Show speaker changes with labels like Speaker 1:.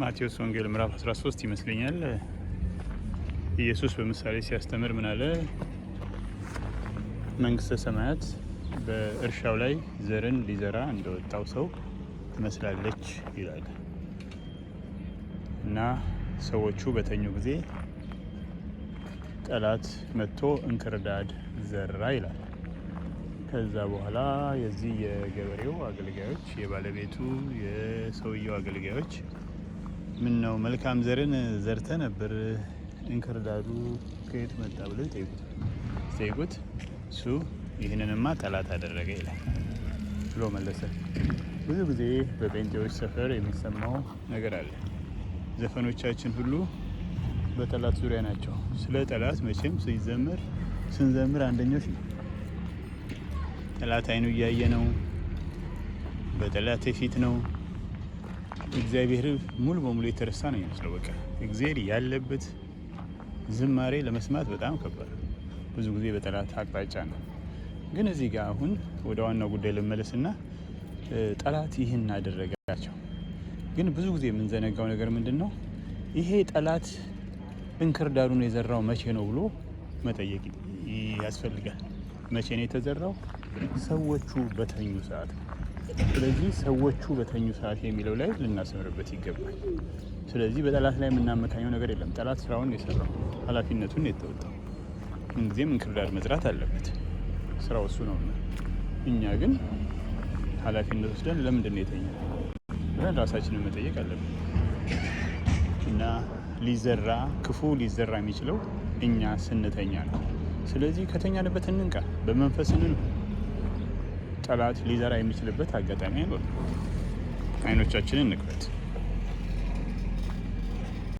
Speaker 1: ማቴዎስ ወንጌል ምዕራፍ 13 ይመስለኛል። ኢየሱስ በምሳሌ ሲያስተምር ምን አለ? መንግስተ ሰማያት በእርሻው ላይ ዘርን ሊዘራ እንደወጣው ሰው ትመስላለች ይላል እና ሰዎቹ በተኙ ጊዜ ጠላት መጥቶ እንክርዳድ ዘራ ይላል። ከዛ በኋላ የዚህ የገበሬው አገልጋዮች፣ የባለቤቱ የሰውየው አገልጋዮች ምን ነው መልካም ዘርን ዘርተ ነበር እንክርዳዱ ከየት መጣ ብለ ይጠይቁት ይጠይቁት እሱ ይህንንማ ጠላት አደረገ ይላል ብሎ መለሰ። ብዙ ጊዜ በጴንጤዎች ሰፈር የሚሰማው ነገር አለ። ዘፈኖቻችን ሁሉ በጠላት ዙሪያ ናቸው። ስለ ጠላት መቼም ሲዘምር ስንዘምር አንደኞች ነው። ጠላት አይኑ እያየ ነው። በጠላት የፊት ነው እግዚአብሔር ሙሉ በሙሉ የተረሳ ነው የሚመስለው። በቃ እግዚአብሔር ያለበት ዝማሬ ለመስማት በጣም ከባድ፣ ብዙ ጊዜ በጠላት አቅጣጫ ነው። ግን እዚህ ጋር አሁን ወደ ዋናው ጉዳይ ልመለስና ጠላት ይህን አደረጋቸው። ግን ብዙ ጊዜ የምንዘነጋው ነገር ምንድን ነው? ይሄ ጠላት እንክርዳዱን የዘራው መቼ ነው ብሎ መጠየቅ ያስፈልጋል። መቼ ነው የተዘራው? ሰዎቹ በተኙ ሰዓት ነው። ስለዚህ ሰዎቹ በተኙ ሰዓት የሚለው ላይ ልናሰምርበት ይገባል። ስለዚህ በጠላት ላይ የምናመካኘው ነገር የለም። ጠላት ስራውን የሰራው ኃላፊነቱን የተወጣው ምንጊዜም እንክርዳድ መዝራት አለበት። ስራው እሱ ነው። እኛ ግን ኃላፊነት ወስደን ለምንድን ነው የተኛ ብለን ራሳችንን መጠየቅ አለብን። እና ሊዘራ ክፉ ሊዘራ የሚችለው እኛ ስንተኛ ነው። ስለዚህ ከተኛንበት እንንቃ፣ በመንፈስ እንንቃ። ጠላት ሊዘራ የሚችልበት አጋጣሚ አይኖርም። አይኖቻችንን ንቅበት።